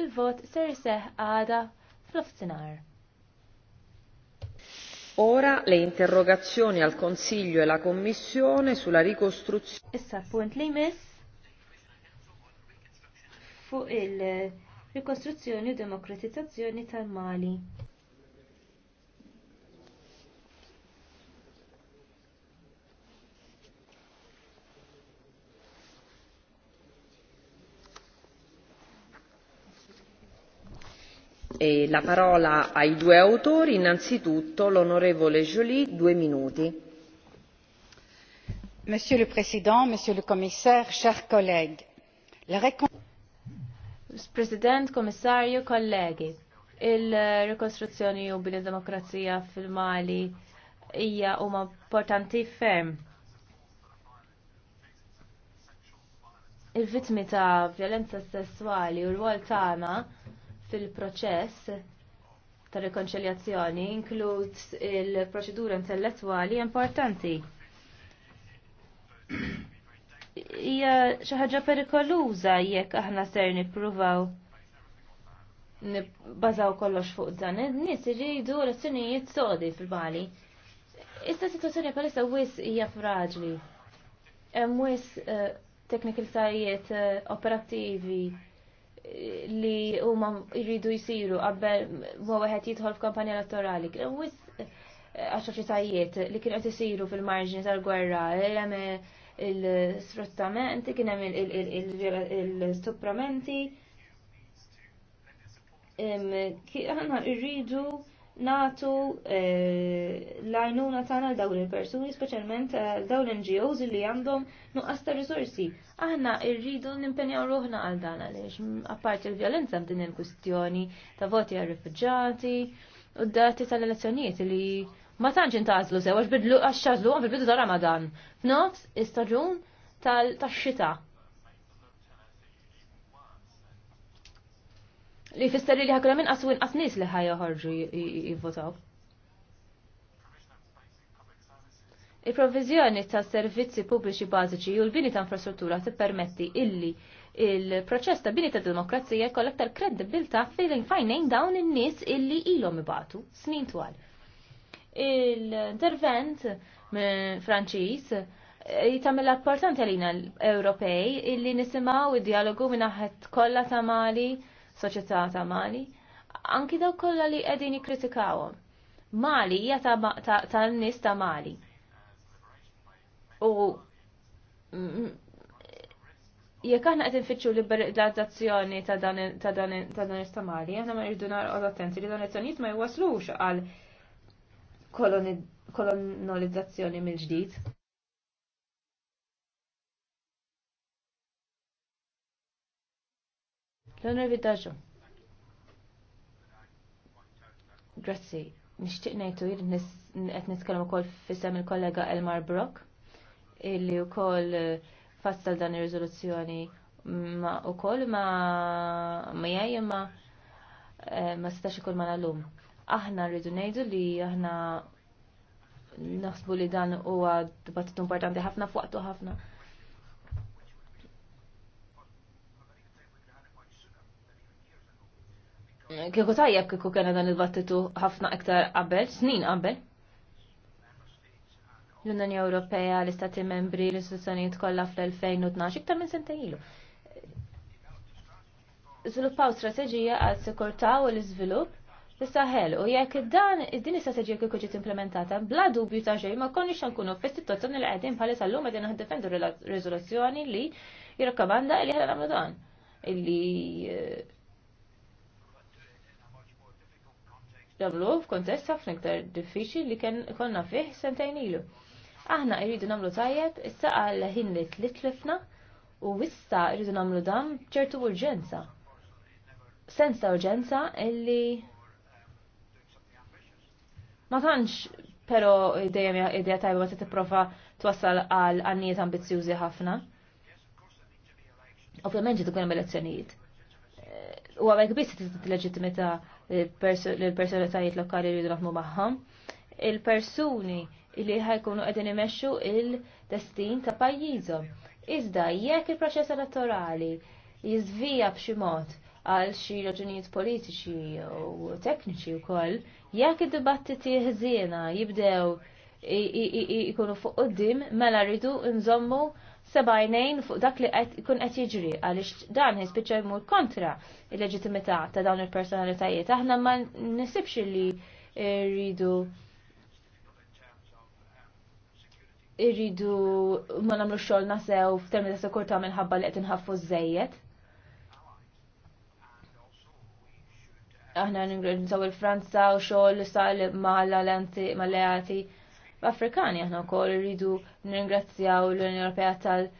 Il-vot ser seħ għada fl-ofsinar. Ora le interrogazioni al Consiglio e la Commissione sulla ricostruzione. Issa punt li mis fuq il-rikostruzzjoni u demokratizzazzjoni tal-Mali. E la parola ai due autori, innanzitutto l'onorevole Joly, due minuti. Monsieur le Président, Monsieur le Commissaire, chers collègues, la President, Commissario, colleghi, il rikostruzzjoni u bil-demokrazija fil-Mali hija huma importanti ferm. Il-vitmi ta' violenza sessuali u l-wol tagħna fil-proċess ta' rekonċiljazzjoni inkluż il-proċedura intellettwali importanti. Hija xi ħaġa perikoluża jekk aħna ser nippruvaw nibbażaw kollox fuq dan. Nis iridu l-azzjonijiet sodi fil-bali. Issa situazzjoni palissa wis hija fraġli. Hemm wis sajiet eh, eh, operattivi li huma jridu jsiru qabel ma wieħed jidħol f'kampanja elettorali. Wis eh, atroċitajiet li kienu qed isiru fil-marġni tal-gwerra, hemm il-sfruttamenti, kien hemm il-stupramenti. Aħna irridu natu eh, lajnuna tagħna għal dawn il-persuni, speċjalment l-dawl NGOs li għandhom nuqqas ta' risorsi. Aħna rridu nimpenjaw ruħna għal dan għaliex, apparti l-vjolenza b'din il-kwistjoni ta' voti għal rifuġġati u d-dati tal-elezzjonijiet li ma tantx intażlu sew għax bidlu għax xażlu fil-bidu ta' Ramadan. F'nofs is-staġun tal-xita. li fisteri li ħakra minn qas inqas nies li ħajja ħarġu jivvotaw. il provizjoni ta' servizzi pubbliċi bażiċi u l-bini ta' infrastruttura tippermetti illi il-proċess ta' bini ta' demokrazija jkollok tal-kredibilta fil-fajnejn dawn in-nies illi ilhom ibatu snin twal. Il-intervent Franċiż eh, jitamil apportanti għalina l-Ewropej illi nisimaw id-dialogu minnaħet kollha ta' Mali soċjetà ta' Mali, anki daw kollha li qegħdin jikkritikawhom. Mali hija tan-nies ta' Mali. U jekk aħna qed infittxu liberalizzazzjoni ta' dan ta' dan aħna ma rridu narqod attenti li dan it-tonijiet ma jwaslux għal kolonizzazzjoni mill-ġdid. L-Onorvi Daġu. Grazzi. Nishtiq nejtu jir qed nitkellem ukoll fisem il-kollega Elmar Brock illi wkoll eh, fassal dan ir-riżoluzzjoni ma ukoll ma miegħi imma eh, ma setax ikun ma nagħlum. Aħna rridu ngħidu li aħna naħsbu li dan huwa dibattitu importanti ħafna fuqtu ħafna kieku tajjeb kieku kena dan il-battitu ħafna iktar qabel, snin qabel. L-Unjoni Ewropea, l-Istati Membri, l-Istituzzjonijiet kollha fl-2012, iktar minn sentejn ilu. Żviluppaw strateġija għal sikurtà u l-iżvilupp fis-Saħel u jekk dan din is-strateġija kieku ġiet implementata bla dubju ta' xejn ma konniex nkunu fis-sitwazzjoni li qegħdin bħalissa llum qegħdin niddefendu riżoluzzjoni li jirrakkomanda li ħana nagħmlu dan. Illi eh, jagħmluh f'kontest ħafna iktar diffiċli li kien konna fih sentejn ilu. Aħna rridu nagħmlu tajjeb issa għal ħin li tlifna u issa rridu nagħmlu dam ċertu urġenza. Sens ta' urġenza illi ma tantx però dejjem idea tajba se tipprova twassal għal għannijiet ambizzjużi ħafna. Ovvjament ġiet ukoll elezzjonijiet. U għabek biss t leġittimità l-personalitajiet lokali li jridu magħhom. Il-persuni li ħajkunu qegħdin imexxu il-destin ta' pajjiżhom. Iżda jekk il-proċess elettorali jiżvija b'xi mod għal xi raġunijiet politiċi u tekniċi wkoll, jekk id-dibattiti ħżiena jibdew ikunu fuq qudiem mela rridu nżommu sebajnejn fuq dak li ikun qed jiġri għaliex dan jispiċċa jmur kontra il-leġitimità ta' dawn il-personalitajiet. Aħna ma nisibx li rridu irridu ma nagħmlu xogħol nasew f'termi ta' sekurtà minħabba li qed inħaffu żejjed. Aħna n il-Franza u xogħol li sal mal-alleati Afrikani aħna wkoll rridu nirringrazzjaw l-Unjoni Ewropea tal-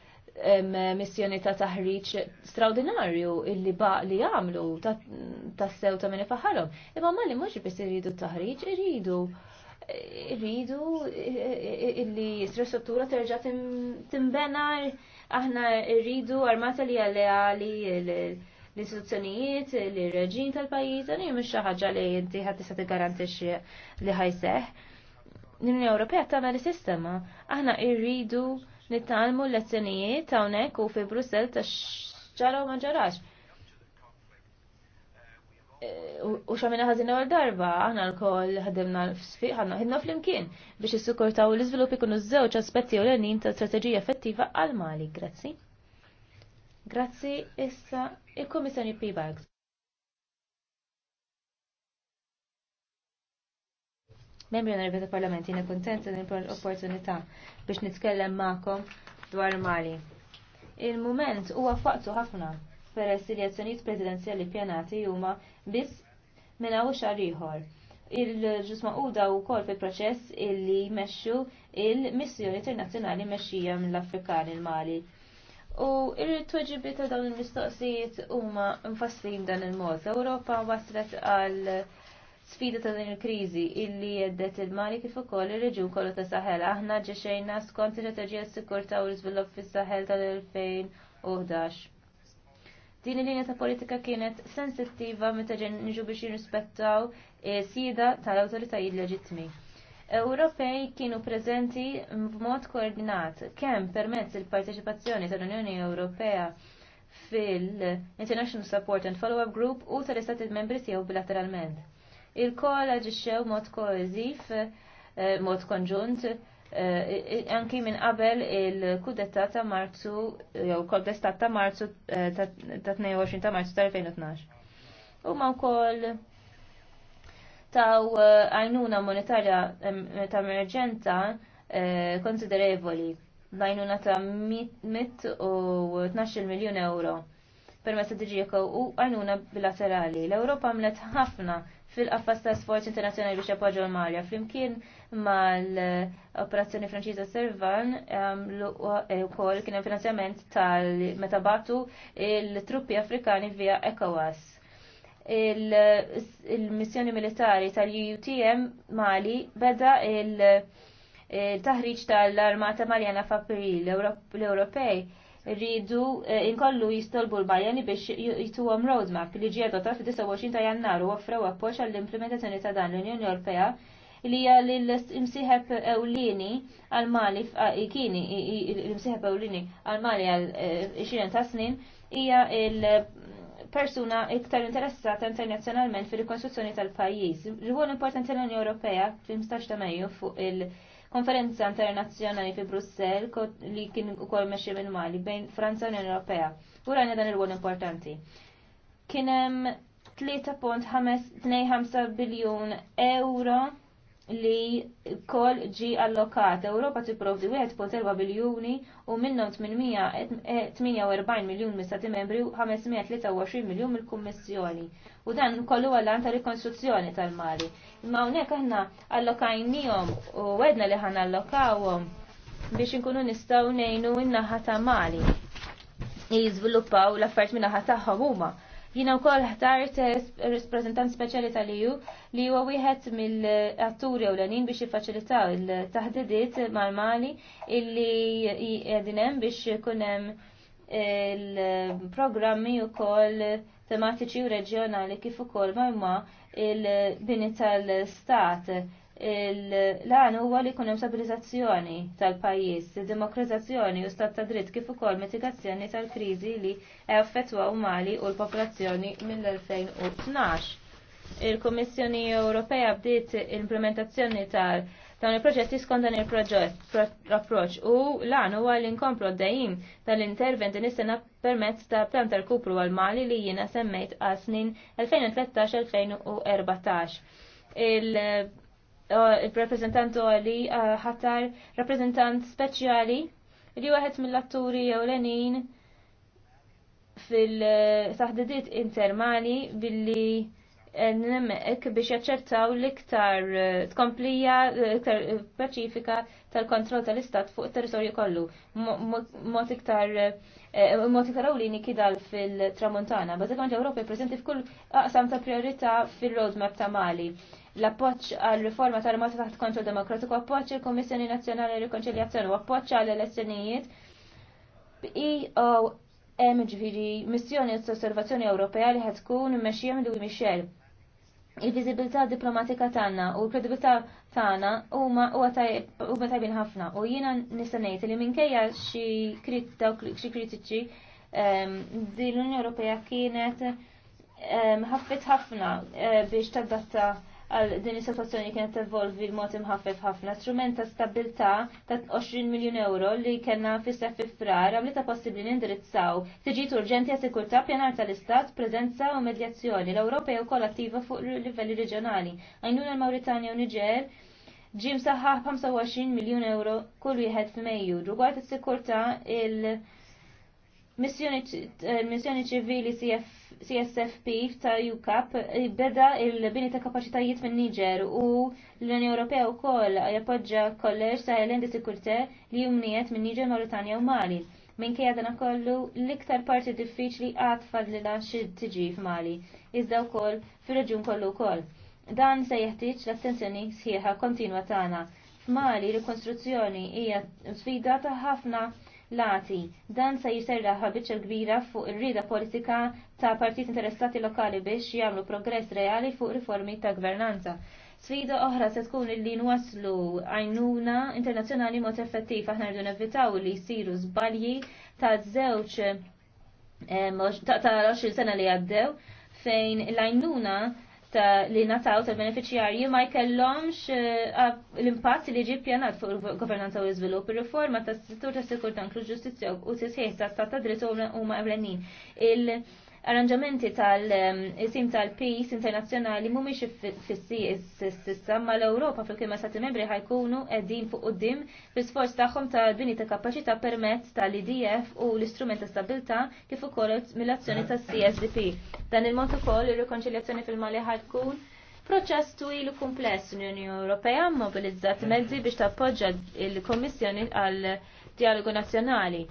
missjoni ta' taħriġ straordinarju illi baq li jagħmlu ta' sew ta' minn faħħalhom. Imma ma li mhux biss irridu taħriġ, iridu irridu illi struttura terġa' timbena aħna rridu armata li għalleali l-istituzzjonijiet, l-reġin tal-pajjiż, għan jimmi xi ħaġa li inti ħadd tista' tigarantixxi li ħajseħ l-Unjoni Ewropea tagħmel is-sistema. Aħna rridu nittalmu l-lezzjonijiet hawnhekk u fi Brussell ta' x'ġara ma ġarax. U xamina ħażin ewwel darba, aħna l-koll ħadimna f'sfiq, ħadna ħidna flimkien biex issukurtaw l-iżvilupp ikunu żewġ aspetti ewlenin ta' strateġija effettiva għal Mali. Grazzi. Grazzi issa il-Kummissjoni P-Bags. membri għan ta' parlament, jina kontenta l-opportunità biex nitkellem ma'kom dwar Mali. Il-moment huwa faqtu ħafna peress li azzjonijiet pjanati huma biss minn hawn xahar ieħor. Il-ġusma u daw kol fi proċess illi jmexxu il-missjoni internazzjonali mexxija mill-Afrikan il-Mali. U il tweġibi ta' dawn il-mistoqsijiet huma mfasslin dan il-mod. Europa ewropa waslet għal sfida ta' din il-kriżi illi jeddet il-Mali kif ukoll ir-reġjun kollu ta' Saħel. Aħna ġexejna skont ir-strateġija s-sikurta u l-iżvilupp fis-Saħel tal-2011. Din il-linja ta' politika kienet sensittiva meta ġen niġu biex jirrispettaw eh, sida tal-awtoritajiet leġittmi. Ewropej kienu preżenti b'mod koordinat kemm permezz il-parteċipazzjoni tal-Unjoni Ewropea fil-International Support and Follow-up Group u tal-Istati membri tiegħu bilateralment il-kol aġixxew mod koeżiv, eh, mod konġunt, eh, anki minn qabel il-kudetta ta' marzu, jew kontestat ta' marzu eh, ta' 22 ta' marzu ta' 2012. U ma' wkoll taw għajnuna monetarja ta' emerġenza konsiderevoli għajnuna ta' 112 miljon euro permezz ta' diġieko u għajnuna bilaterali. L-Europa mlet ħafna fil-qaffas ta' sforzi internazjonali biex appoġġaw l-Marja. Flimkien mal-operazzjoni Franċiża Servan ukoll e, kien hemm finanzjament tal-meta batu il-truppi Afrikani via ECOWAS. Il-missjoni militari tal utm Mali beda il- taħriġ tal-armata maljana f'April l-Ewropej rridu eh, inkollu jistolbu l-Bajani biex għom roadmap li ġie ta' fid-29 ta' Jannar u offrew appoġġ għall-implementazzjoni ta' dan l-Unjoni Ewropea li hija l imsiħeb ewlieni għal Mali kieni l-imsieħeb ewlieni għal Mali għal 20 ta' snin hija l persuna iktar interessata internazzjonalment fil-rikonstruzzjoni tal-pajjiż. Rwol importanti l-Unjoni Ewropea fil-15 ta' Mejju fuq il- konferenza internazzjonali fi Brussel li kien ukoll meċi minn Mali bejn Franza u Unjoni Ewropea. U rajna dan il-wol importanti. Kien hemm biljon biljun euro li kol ġi allokat. Ewropa tipprovdi 1.4 biljuni u minnhom 848 miljun mistati membri u 523 miljon mill-Kummissjoni. U dan kollu għallan ta' rikonstruzzjoni tal-mali. Ma hawnhekk aħna allokajnijom u wedna li ħan allokawom biex inkunu nistgħu ngħinu n-naħa ta' mali. Jiżviluppaw l-affarijiet min-naħa huma. Jina wkoll ħtart eh, rispresentant speċjali tal-EU li huwa wieħed mill-atturi ewlenin biex jiffaċilitaw il-taħdidiet mal-Mali illi qegħdin hemm biex ikun hemm il-programmi wkoll tematiċi u reġjonali kif ukoll ma' il-bini tal-stat l-għan huwa li kunem stabilizzazzjoni tal-pajis, demokratizzazzjoni u stat ta' dritt kif ukoll mitigazzjoni tal-krizi li u Mali u l-popolazzjoni mill-2012. Il-Kommissjoni Ewropea bdiet l-implementazzjoni tal- dawn il-proġetti skont dan il-approċ u l-għan huwa li nkomplu d-dajim tal-intervent nis-sena permezz ta' plan tal-kupru għal-Mali li jiena semmejt għal snin 2013-2014. Eh, il reprezentant għali eh, ħatar reprezentant speċjali li waħed mill-atturi jew lenin fil-taħdidiet intermali billi eh, nemmek biex jaċċertaw l-iktar tkomplija, l iktar paċifika tal-kontroll tal-istat fuq il-territorju kollu. Mot iktar mod iktar awlini kidal fil-Tramontana, bazzikon ġewropi prezenti f'kull aqsam ta' priorità fil-roadmap ta' Mali l-appoċ għal riforma tal-mota taħt kontrol demokratiku, appoċ il-Komissjoni Nazzjonali Rikonċiljazzjoni u appoċ għal elezzjonijiet BOM e ġviri missjoni s-osservazzjoni Ewropea li ħad tkun meċjem Louis Michel. Il-vizibilità diplomatika tagħna u l-kredibilità tagħna huma huwa tajbin ħafna u jiena nistanejt li minkejja xi kritiċi ehm, din l-Unjoni Ewropea kienet ehm, ħaffet ħafna eh, biex tadatta għal din is-sitwazzjoni kienet evolvi l-mod imħaffef ħafna strument ta' stabilità ta' 20 miljun euro li kellna fi sef fi frar għamli ta' possibbli nindirizzaw tiġit urġenti għasikurta pjanar tal-Istat, preżenza u medjazzjoni l-Ewropej ukoll attiva fuq livelli reġjonali. Għajnuna l-Mawritanja u Niġer ġim saħħa 25 miljun euro kull wieħed f'Mejju. Rigward is-sikurtà il- Eh, missjoni ċivili CSFP ta' UCAP eh, beda il-bini ta' kapacitajiet minn Niger u l-Unjoni Ewropea u koll jappoġġa kolleġ ta' Helendi Sikurte li jumniet minn Niger, Mauritania u Mali. Minkejja dan kollu l-iktar parti diffiċli għad fadlila xi tiġi f'Mali, iżda wkoll fir-reġjun kollu wkoll. Dan se jeħtieġ l-attenzjoni sħiħa kontinwa tagħna. F'Mali rikostruzzjoni hija sfida ta' ħafna lati. Dan se jiserra ħabiċ kbira fuq ir-rida politika ta' partit interessati lokali biex jagħmlu progress reali fuq riformi ta' gvernanza. Sfida oħra se tkun illi nwaslu għajnuna internazzjonali mod effettiv aħna rridu nevitaw li jsiru żbalji ta' żewġ eh, ta' 20 sena li għaddew fejn l-għajnuna Eh, li nataw tal beneficiarji ma jkellomx eh, l-impatt li ġib pjanat fuq il-governanza u l-izvilupp, il-riforma tas-settur tas-sikurtan, l-ġustizzja u t tas ta' ta' dritt huma ewlenin arranġamenti tal-isim tal-Peace Internazzjonali mhumiex fissi s-sissa ma l europa fil-kima stati membri ħajkunu qegħdin fuq quddiem fil-sforz tagħhom tal-bini ta' kapaċità permezz tal-IDF u l-istrument ta' stabilità kif ukoll mill-azzjoni tas-CSDP. Dan il-mod ukoll ir-rikonċiljazzjoni fil-Mali ħajkun Proċess twil u kumpless l-Unjoni Ewropea mobilizzat mezzi biex tappoġġa l kommissjoni għal dialogu nazzjonali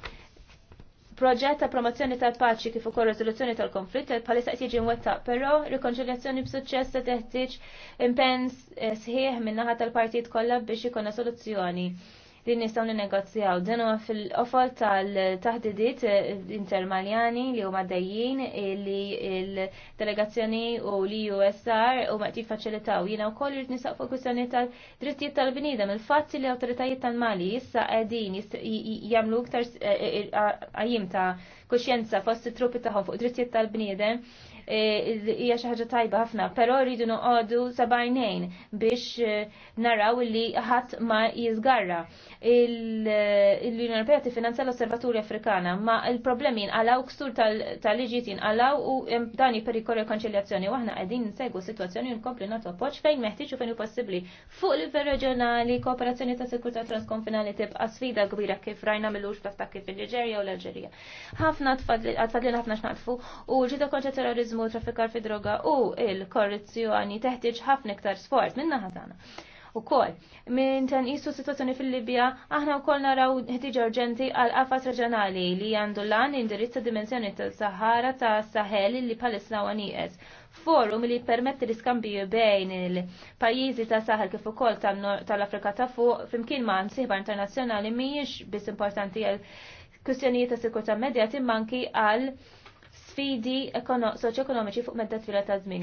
proġett ta' promozzjoni tal-paċi kif ukoll rezoluzzjoni tal-konflitt bħalissa qed jiġi mwettaq, però rikonċiljazzjoni b'suċċess se teħtieġ impens eh, sħiħ min-naħa tal-partit kollha biex ikollna soluzzjoni li nistgħu ninegozjaw. Dan huwa fil-qofol tal-taħdidiet eh, intermaljani li huma dejjin eh, li l-delegazzjoni u li USR u maqt jiffaċilitaw. Jiena wkoll irid nisaq fuq kwistjoni tal-drittijiet tal-bniedem, il fatti li l-awtoritajiet tal-Mali issa qegħdin jagħmlu iktar qajjim eh, ta' kuxjenza fost it-truppi tagħhom fuq drittijiet tal-bniedem Eh, hija xi ħaġa tajba ħafna, però rridu noqogħdu sabajnejn biex eh, naraw li ħadd ma jiżgarra. Eh, L-Unjoni Ewropea tifinanzja l osservaturi Afrikana, ma l-problemi inqalaw ksur tal-liġijiet inqalaw u dan jipperikol il-konċiljazzjoni u aħna qegħdin nsegwu sitwazzjoni nkomplu nagħtu appoġġ fejn meħtieġ u fejn hu possibbli. Fuq livell reġjonali, kooperazzjoni ta' sikurtà transkonfinali tibqa' sfida kbira kif rajna mill-ux ta' kif il-Niġerja u l-Alġerija. Ħafna tfadlin ħafna xnaqfu u ġita konċa terrorizmu u traffikar fi droga u il-korruzzjoni teħtieġ ħafna iktar sforz minn naħa tagħna. Ukoll, minn ten isu situazzjoni fil-Libja, aħna wkoll naraw ħtiġa urġenti għal qafas reġjonali li għandu lan indirizza dimensjoni tas Sahara ta' Sahel li palissa għaniqes. Forum li permetti l-iskambju bejn il-pajjiżi ta' Sahel kif ukoll tal-Afrika ta' fuq flimkien ma' nsieħba internazzjonali mhijiex biss importanti għal kwistjonijiet ta' sikurtà medja timmanki għal sfidi soċ-ekonomiċi fuq medda twila ta' żmien.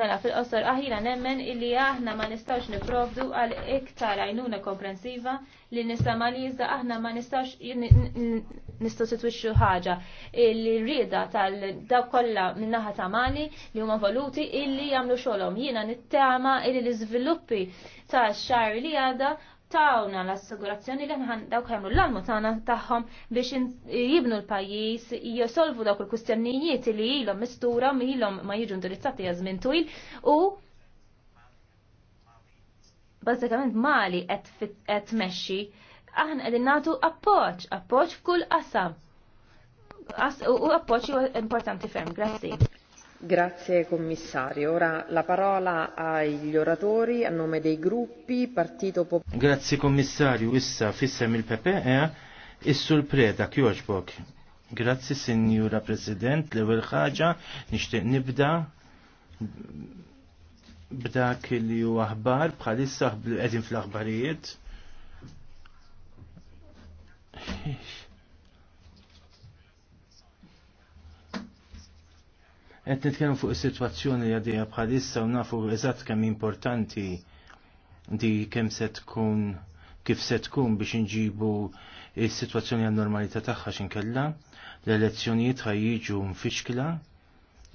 Mela fil-qosor aħjina nemmen illi aħna ma nistawx niprovdu għal iktar għajnuna komprensiva li nistama li aħna ma nistgħux nistostitwixxu ħaġa li rieda tal daw kollha minnaħa ta' mali li huma voluti illi jagħmlu xogħolhom. Jiena nittama illi l-iżviluppi ta' xar li għada tawna l-assigurazzjoni li nħan dawk ħemlu l-almu tagħna tagħhom biex jibnu l-pajjiż jisolvu dawk il-kustjonijiet li ilhom mistura milhom ma jiġu ndirizzati għaż żmien twil u bażikament Mali qed tmexxi aħna qegħdin nagħtu appoġġ, appoġġ f'kull qasam. U appoġġ importanti ferm, grazzi. Grazie commissario. Ora la parola agli oratori a nome dei gruppi Partito Popolare. Grazie commissario, issa fissem il-PPE, pepe eh? issul preda kjoġbok. Grazzi signora President, l-ewwel ħaġa nixtieq nibda b'dak li hu aħbar bħalissa qegħdin fl-aħbarijiet. Qed nitkellmu fuq is-sitwazzjoni li għadija bħalissa u nafu eżatt kemm importanti di kemm se tkun kif se tkun biex inġibu is-sitwazzjoni għal normalità tagħha x'inkella, l-elezzjonijiet ħaj jiġu mfixkla,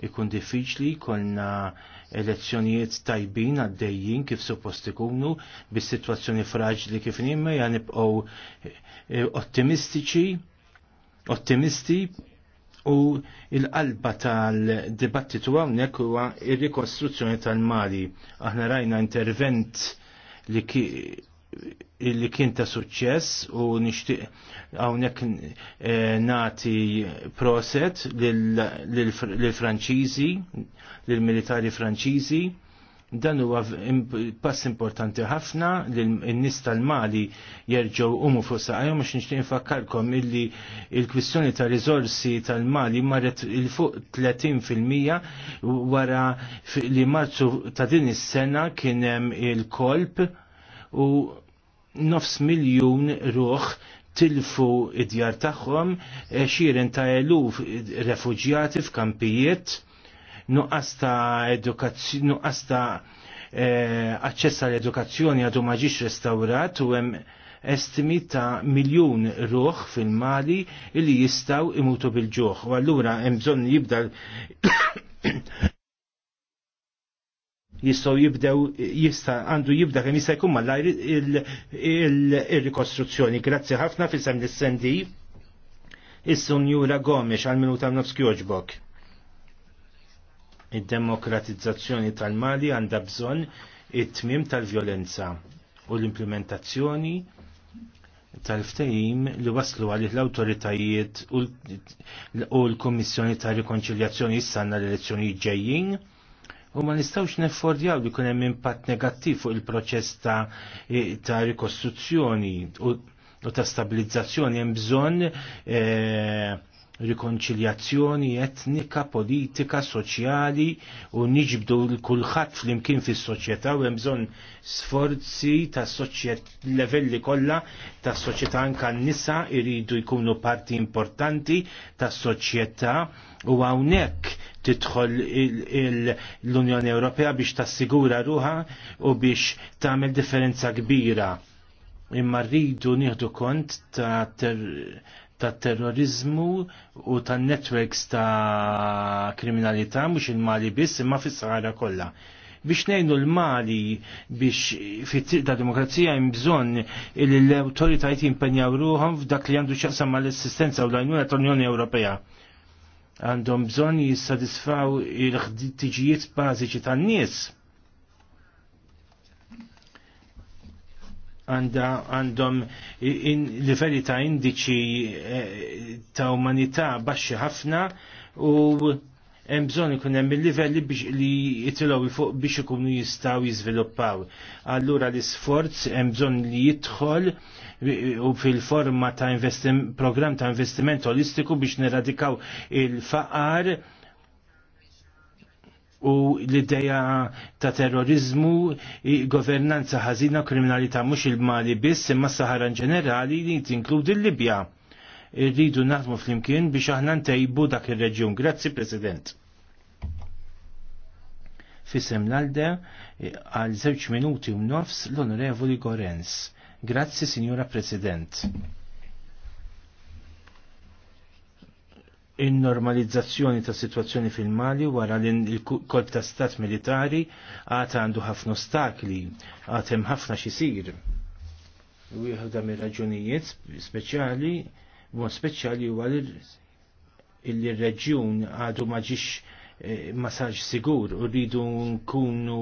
ikun diffiċli konna elezzjonijiet tajbin għaddejjin kif suppost ikunu bis-sitwazzjoni fraġli kif nimma ja nibqgħu eh, ottimistiċi ottimisti u il-qalba tal-dibattitu għawnek huwa il-rikostruzzjoni tal-Mali. Aħna rajna intervent li ki li kien ta' suċċess u nixtieq hawnhekk eh, nati proset lill-Franċiżi, lill-militari Franċiżi Dan huwa pass importanti ħafna li n-nis tal-Mali jerġgħu umu fuq saqajhom biex nixtieq infakkarkom illi l kwistjoni ta' riżorsi tal-Mali marret il fuq 30% wara li marzu ta' din is-sena kien hemm il-kolb u nofs miljun ruħ tilfu id-djar tagħhom, e xiren ta' eluf refuġjati f'kampijiet nuqqas ta' edukazzjoni, nuqasta ta' eh, aċċess għall edukazzjoni għadu ma restaurat u hemm estimi ta' miljun ruħ fil-Mali li jistaw imutu bil-ġuħ. U allura hemm bżonn jibda jistaw jibdew jista għandu jibda kemm jista' jkun malajr il-rikostruzzjoni. Grazzi ħafna fil-sem l-sendi. Is-Sunjura Gomes għal-minuta nofs kjoġbok. Id-demokratizzazzjoni tal-Mali għandha bżonn it-tmim tal-vjolenza u l-implementazzjoni tal-ftehim li waslu għalih l-autoritajiet u l-Komissjoni ta' Rikonċiljazzjoni s-sanna l-elezzjoni ġejjin u ma nistawx neffordjaw li kunem impatt negattiv fuq il-proċess ta', ta rikostruzzjoni u, ta' stabilizzazzjoni hemm bżonn eh, rikonċiljazzjoni etnika, politika, soċjali u niġbdu l-kulħadd flimkien fis-soċjetà u hemm bżonn sforzi ta' levelli kollha ta' soċjetà anka n-nisa jridu jkunu parti importanti ta' soċjetà u hawnhekk tidħol l-Unjoni Ewropea biex tassigura ruha u biex tagħmel differenza kbira imma rridu nieħdu kont ta' tat terrorizmu u tan netwerks ta' kriminalità mhux il-Mali biss imma fis-Sahara kollha. Biex ngħinu l-Mali biex fit-triq ta' demokrazija hemm bżonn li l-awtoritajiet jimpenjaw ruhom f'dak li għandu xaqsam mal-assistenza u l-għajnuna tal-Unjoni Ewropea għandhom bżonn jissadisfaw il-ħtiġijiet bażiċi tan-nies għandhom livelli ta' indiċi eh, ta' umanità baxxi ħafna u hemm bżonn ikun hemm il-livelli li jitilgħu fuq biex ikunu jistgħu jiżviluppaw. Allura l-isforz hemm bżonn li jidħol u fil-forma ta' program ta' investiment holistiku biex neradikaw il-faqar u l-ideja ta' terrorizmu, governanza ħażina u kriminalità mhux il-Mali biss imma s-Sahara ġenerali li tinkludi l-Libja. Irridu naħdmu flimkien biex aħna ntejbu dak ir-reġjun. Grazzi President. Fisem l-alde e, għal żewġ minuti u nofs l-Onorevoli Gorenz. Grazzi Signora President. in-normalizzazzjoni ta' situazzjoni fil-Mali wara li l-kolb ta' stat militari għata għandu ħafna ostakli, hemm ħafna xisir. U jħadda mir raġunijiet speċjali, mod speċjali u għal il-reġjun għadu maġiċ eh, massaġ sigur u rridu nkunu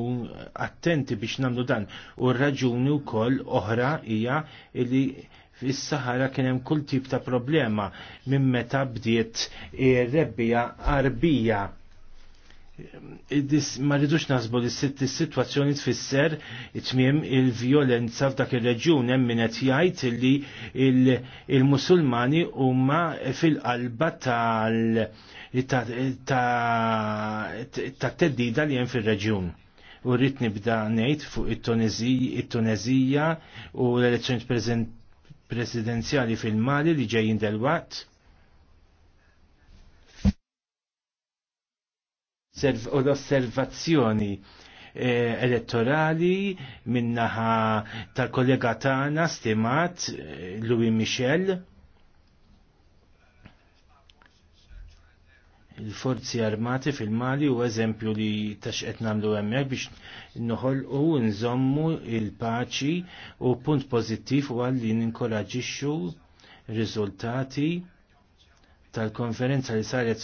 attenti biex nagħmlu dan u raġuni wkoll oħra hija li fis-Sahara kien hemm kull tip ta' problema minn meta bdiet rebbija arbija. Ma rridux nasbu li s-situazzjoni tfisser tmiem il-violenza f'dak ir-reġjun hemm min qed jgħid li il-Musulmani huma fil-qalba tal-teddida li hemm fir-reġjun. U rrid nibda ngħid fuq it-Tunezija u l-elezzjoni presidenzjali fil-Mali li ġejjin del-waqt. u l-osservazzjoni eh, elettorali minnaħa tal-kollega tagħna stimat eh, Louis Michel il-forzi armati fil-Mali u eżempju li tax namlu nagħmlu hemmhekk biex noħolqu nżommu il-paċi u punt pożittiv u li ninkoraġixxu riżultati tal-konferenza li saret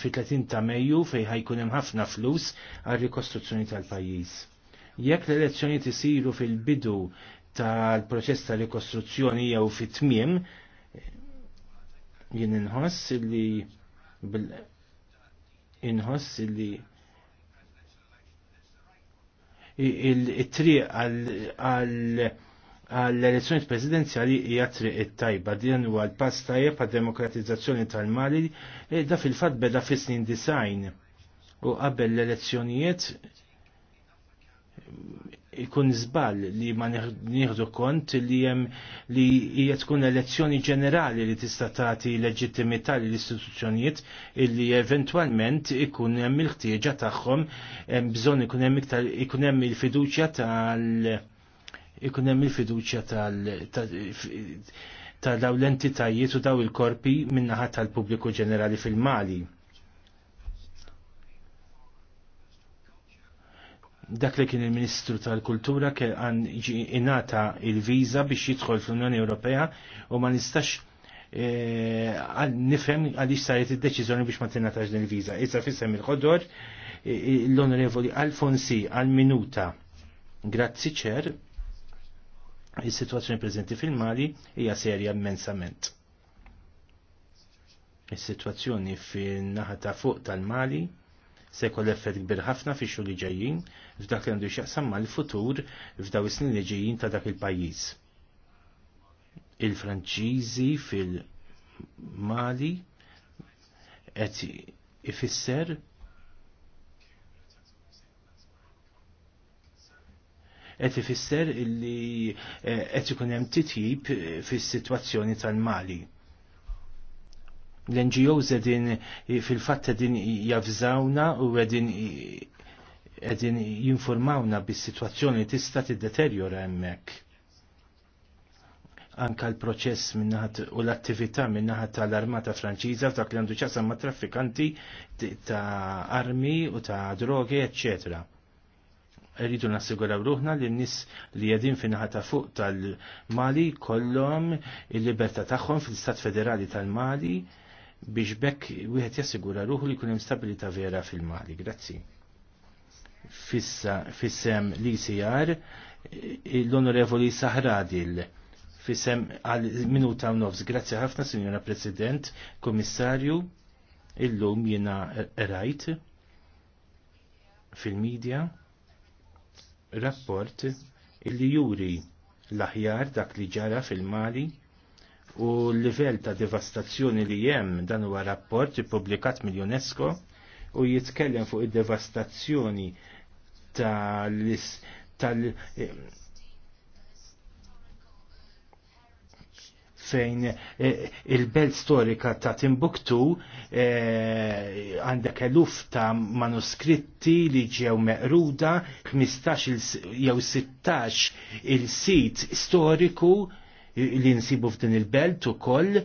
fi 30 ta' Mejju fejn ħajkun hemm ħafna flus għal rikostruzzjoni tal-pajjiż. Jekk l-elezzjoni isiru fil-bidu tal-proċess ta' rikostruzzjoni jew fit-tmiem jien inħoss li inħoss li il-triq għall-elezzjoni presidenziali hija triq it-tajba din huwa l-pass tajjeb għad-demokratizzazzjoni tal-Mali e, da fil-fatt beda fis-snin design u qabel l-elezzjonijiet ikun żball li ma nieħdu kont li hemm li hija tkun elezzjoni ġenerali li tista' tagħti leġittimità lill istituzzjonijiet illi eventwalment ikun hemm il-ħtieġa tagħhom hemm bżonn ikun hemm iktar ikun hemm il-fiduċja tal ikun hemm il-fiduċja tal ta' daw l-entitajiet u daw il-korpi minnaħat tal-pubbliku ġenerali fil-Mali. dak li kien il-Ministru tal-Kultura ke għan inata il-viza biex jidħol fl-Unjoni Ewropea u ma nistax eh, nifhem għaliex saret id-deċiżjoni biex ma tingħatax din il-viża. Issa fissem il-ħodor eh, l-Onorevoli Alfonsi għal-minuta. Grazzi ċer, il-situazzjoni preżenti fil-Mali hija serja immensament. Is-sitwazzjoni fin-naħa ta' fuq tal-Mali se kol effett kbir ħafna fi xhur li ġejjin f'dak li għandu xaqsam ma l-futur f'daw is-snin li ġejjin ta' dak il-pajjiż. Il-Franċiżi fil-Mali qed ifisser qed ifisser illi eh, qed ikun hemm titjib fis-sitwazzjoni tal-Mali. L-NGOs qegħdin fil-fatt din javżawna u qegħdin edin jinformawna bis-situazzjoni tista' tiddeterjora hemmhekk. Anka l-proċess minnaħat u l-attività minnaħat tal-armata franċiża ta' li għandu ċasam ma' traffikanti ta' armi u ta' drogi, eccetera rridu nassiguraw ruħna li n-nis li jedin finħa ta' fuq tal-Mali kollom il-libertà tagħhom fil-Stat Federali tal-Mali biex bekk wieħed jassigura ruħu li kunem stabilità vera fil-Mali. Grazzi fissem li sijar l-onorevoli Sahradil fissem għal minuta u nofs. Grazie ħafna, Signora President, Komissarju, illum jena rajt fil-medja rapport illi juri l-aħjar dak li ġara fil-Mali u l-livell ta' devastazzjoni li jem dan huwa rapport ippubblikat mill-UNESCO u jitkellem fuq id-devastazzjoni tal tal fejn eh, il-belt storika ta' Timbuktu eh, għandek eluf ta' manuskritti li ġew meqruda 15 jew 16 il-sit storiku li nsibu f'din il-belt ukoll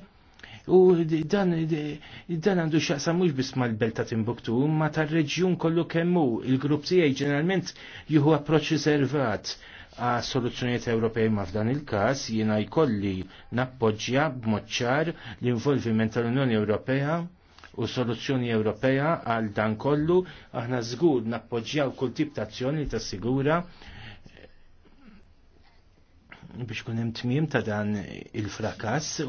U dan, dan għandu xaqsa mux bisma mal-belt ta' Timbuktu, ma ta' reġjun kollu kemmu. Il-grupp tiegħi ġeneralment juhu approċ riservat għas soluzzjonijiet Ewropej ma' f'dan il-każ jiena jkolli nappoġġja b'moċċar l-involviment tal-Unjoni Ewropea u soluzzjoni Ewropea għal dan kollu aħna żgur nappoġġjaw kull tip ta' azzjoni ta' sigura biex kun hemm tmiem ta' dan il-frakass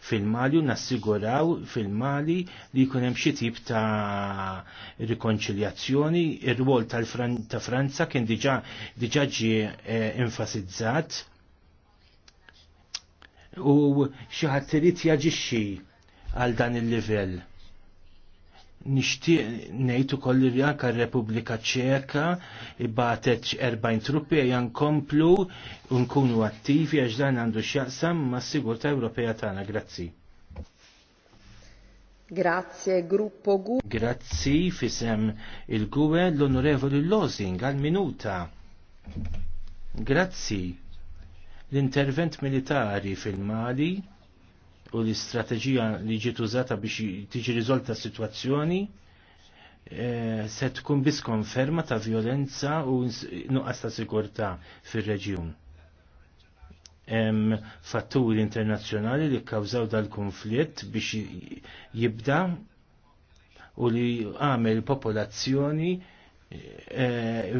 fil-Mali u nassiguraw fil-Mali li jkun hemm xi tip ta' rikonċiljazzjoni. Ir-rwol ta' Franza kien diġà diġà ġie eh, enfasizzat u xi ħadd irid jaġixxi għal dan il-livell nishtiq nejtu kolli rjanka Repubblika ċeka batet 40 truppi għan komplu unkunu attivi għax dan għandu xjaqsam ma' sigurta Ewropea tagħna. Grazzi. Grazie, gruppo Gu. Grazzi, fisem il-Gue l-Onorevoli Losing għal-minuta. Grazzi. L-intervent militari fil-Mali u l-istrateġija li ġiet użata biex tiġi riżolta s-sitwazzjoni eh, se tkun biss konferma ta' violenza u nuqqas ta' sigurtà fir-reġjun. Hemm fatturi internazzjonali li kkawżaw dal-konflitt biex jibda u li għamel popolazzjoni eh,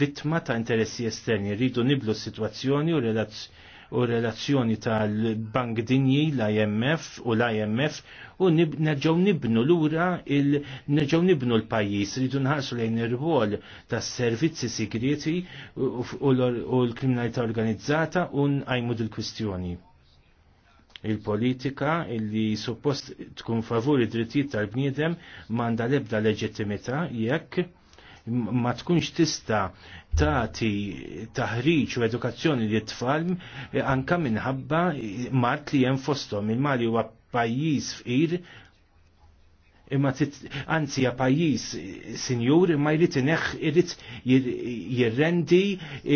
vittma ta' interessi esterni. Rridu niblu s-sitwazzjoni u relazzjoni u relazzjoni tal-Bank Dinji, l-IMF u l-IMF u nib, nerġaw nibnu l-ura nerġaw nibnu l-pajis li nħarsu lejn ir-rwol tas servizzi segreti u, l-kriminalità organizzata u nqajmu dil-kwistjoni il-politika illi suppost tkun id drittijiet tal-bniedem manda lebda leġittimità jekk ma tkunx tista tagħti taħriġ u edukazzjoni li tfal eh, anka minħabba eh, mart li hemm fosthom. Il-Mali huwa pajjiż fqir imma anzi ja pajjiż eh, sinjur imma jrid ineħħ irid jirrendi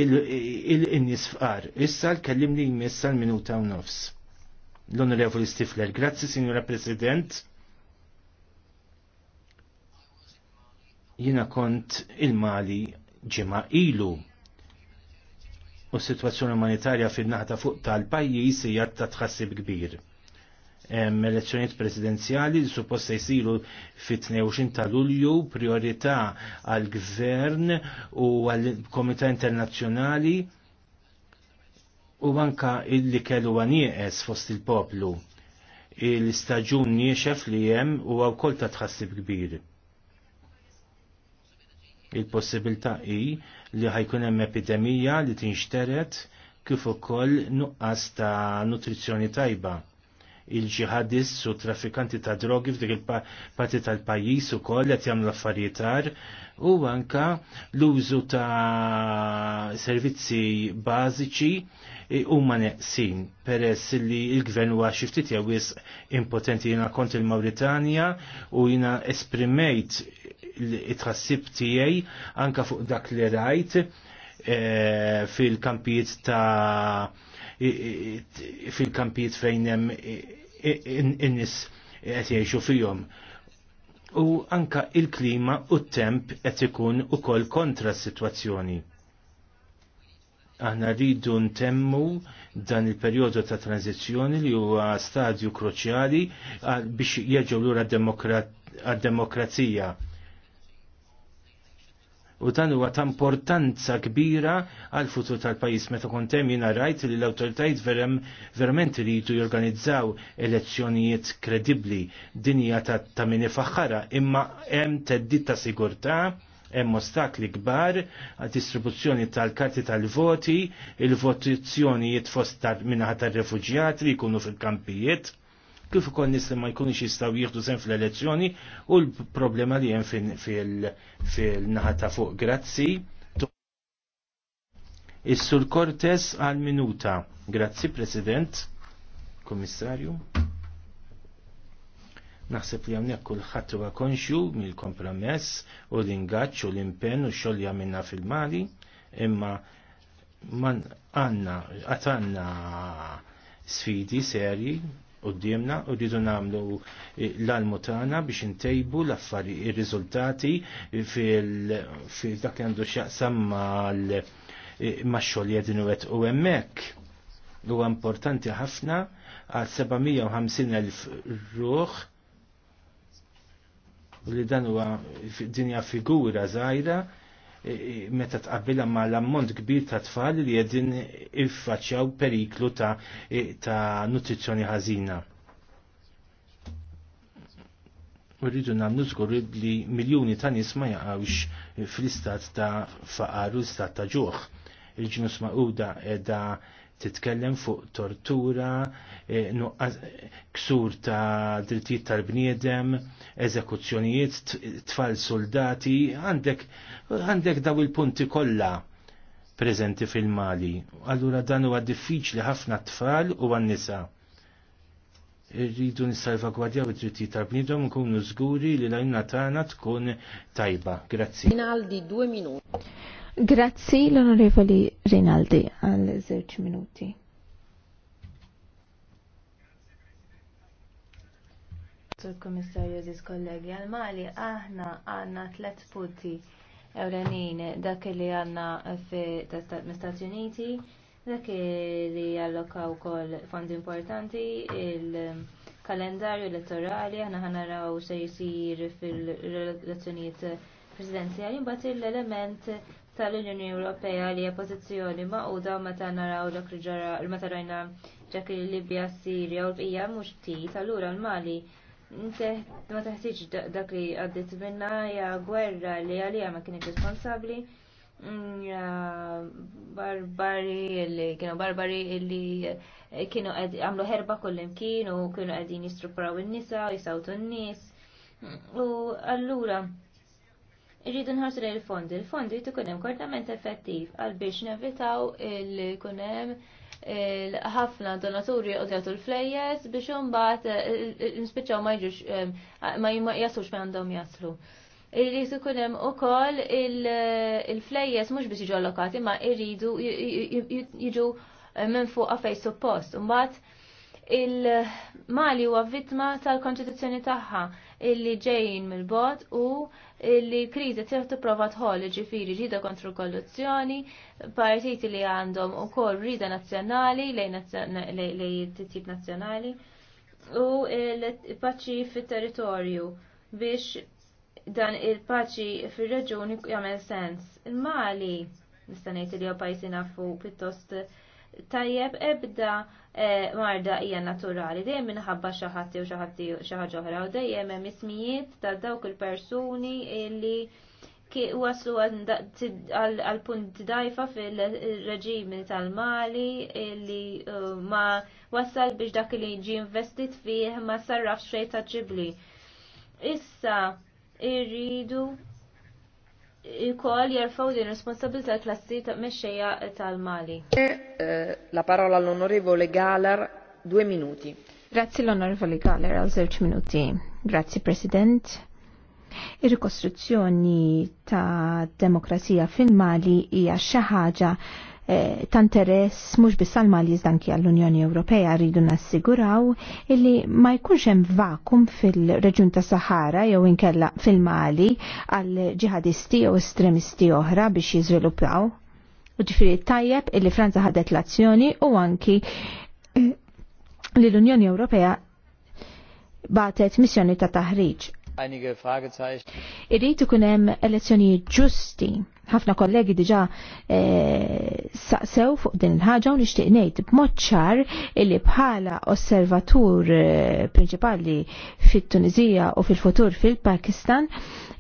il-nies far Issa l-kellimni jmissa l-minuta u nofs. L-Onorevoli Stifler, grazzi Sinjura President Jina kont il-Mali ġima ilu u s-situazzjoni umanitarja fil-naħta fuq tal-pajjiż hija ta' tħassib kbir. Elezzjoniet elezzjonijiet presidenzjali li suppost se jsiru fit-22 ta' Lulju priorità għall gvern u għall komita internazzjonali u anka illi kellu għanieqes fost il-poplu. Il-staġun niexef li jem u għaw kol ta' tħassib kbir. Il-possibilità hi li ħajkun hemm epidemija li tinxteret kif ukoll nuqqas ta' nutrizzjoni tajba. Il-ġihadis u traffikanti ta' drogi f'dik il-parti tal-pajjiż ukoll qed jagħmlu affarietar u anka l-użu ta' servizzi bażiċi huma neqsin peress li il-gvern huwa xi ftit jew impotenti jiena kont il-Mawritanja u jiena esprimejt it-tħassib tiegħi anka fuq dak li rajt eh, fil-kampijiet ta' fil-kampijiet fejn hemm in-nies qed jgħixu fihom. U anka il-klima u t-temp qed ikun ukoll kontra s-sitwazzjoni. Aħna rridu ntemmu dan il-perjodu ta' tranzizjoni li huwa stadju kruċjali biex jeġgħu lura għad-demokrazija u dan huwa ta' importanza kbira għal futur tal pajjiż meta kontem jina rajt li l awtoritajiet verem, verament iridu jorganizzaw elezzjonijiet kredibbli dinja ta', ta mini faħħara imma hemm teddit ta' sigurtà hemm ostakli kbar għad distribuzzjoni tal-karti tal-voti, il votizzjonijiet fost minnaħat tar-refuġjati li jkunu fil-kampijiet kif ukoll nies li ma jkunux jistgħu jieħdu sen fl-elezzjoni u l-problema li hemm fil-naħa ta' fuq. Grazzi. Is-Sur Cortes għal minuta. Grazzi President, Komissarju. Naħseb li għamnek kulħadd huwa konxju mill-kompromess u l-ingaċ u l-impenn u x-xogħol li għamilna fil-Mali, imma man għanna għatanna sfidi serji u d-diemna u rridu namlu eh, l-almutana biex intejbu l-affari il-rizultati fil-dak li għandu xaqsam l eh, xol jedinu għet u emmek. U importanti ħafna għal 750.000 ruħ u li dan huwa dinja figura zaħira E, e, meta tqabbilha ma l-ammont kbir ta' tfal li qegħdin iffaċċjaw periklu ta', e, ta nutrizzjoni ħażina. Urridu nagħmlu żgur li miljuni ta' nies ma jaqgħux fl-istat ta' faqar u l-istat ta' ġuħ. il ġinus maquda qiegħda titkellem fuq tortura, e, ksur ta' drittijiet tal-bniedem, eżekuzzjonijiet, tfal soldati, għandek, għandek daw il-punti kollha preżenti fil-Mali. Allura dan huwa diffiċli ħafna tfal u għan-nisa. Irridu nissalvagwardjaw id-drittijiet tal-bniedem nkunu żguri li l-għajna tagħna tkun tajba. Grazzi. Minaldi due minuti. Grazzi l-Onorevoli Rinaldi għal żewġ minuti. Sur Komissarju Ziz kollegi għal-Mali, aħna għanna tlet punti ewrenin dak li għanna fil-Stati Uniti, dak li għallokaw kol fondi importanti, il-kalendarju elettorali, aħna għanna raw se jisir fil-relazzjoniet presidenziali, mbagħad il element tal-Unjoni Ewropea li hija pożizzjoni maquda meta naraw dak li ġara meta rajna ġak li Libja, Sirja u l-bqija mhux tit allura l-Mali ma teħtieġ dak li għaddit minna hija gwerra li għalija ma kienet responsabbli barbari li kienu barbari li kienu għamlu herba kullim kienu kienu għedin jistrupraw il-nisa jisawtu n-nis u allura Irridu nħarsu lejn il-fondi. Il-fondi tkun hemm kordament effettiv għal biex nevitaw li jkun hemm ħafna donaturi u l-flejjes biex imbagħad eh, nispiċċaw ma jġux eh, ma jasux ma għandhom jaslu. Irrid ikun hemm ukoll il-flejjes mhux biex jiġu allokati ma irridu jiġu eh, minn fuq għafej suppost. Mbagħad il-Mali huwa vittma tal-konċedizzjoni tagħha illi ġejjin mill-bot u illi kriżi tieħ tipprova tħolli ġifiri ġida kontru kolluzzjoni, partiti li għandhom ukoll rida nazzjonali lejn tip nazzjonali u l-paċi fit-territorju biex dan il-paċi fir-reġuni jagħmel sens. Il-Mali nista' ngħid li huwa pajsi nafu pittost tajjeb ebda eh, marda hija naturali, dejjem minħabba xi ħadd jew xi ħaġa oħra u dejjem hemm ismijiet ta' dawk il-persuni li waslu għal punt dajfa fil reġimi tal-Mali li eh, ma wassal biex dak li ġi investit fih ma sarraf xejn ġibli. Issa irridu Il ikoll jerfaw din responsabilità klassi ta' mexxejja tal-Mali. Eh, eh, la parola all'onorevole Galar, due minuti. Grazzi l-onorevole Galler għal żewġ minuti. Grazzi President. Ir-rikostruzzjoni ta' demokrazija fil-Mali hija xi ħaġa Eh, ta' interess mhux bis għal Mali għall-Unjoni Ewropea rridu nassiguraw illi ma jkunx hemm vakum fil-reġjun ta' Sahara jew inkella fil-Mali għal ġihadisti jew estremisti oħra biex jiżviluppaw. U ġifiri tajjeb illi Franza ħadet l-azzjoni u anki eh, li l-Unjoni Ewropea batet missjoni ta' taħriġ. Irrid ikun hemm elezzjonijiet ġusti ħafna kollegi diġa eh, saqsew fuq din il-ħaġa u nixtieq ngħid b'mod illi bħala osservatur eh, prinċipali fit-Tunizija u fil-futur fil-Pakistan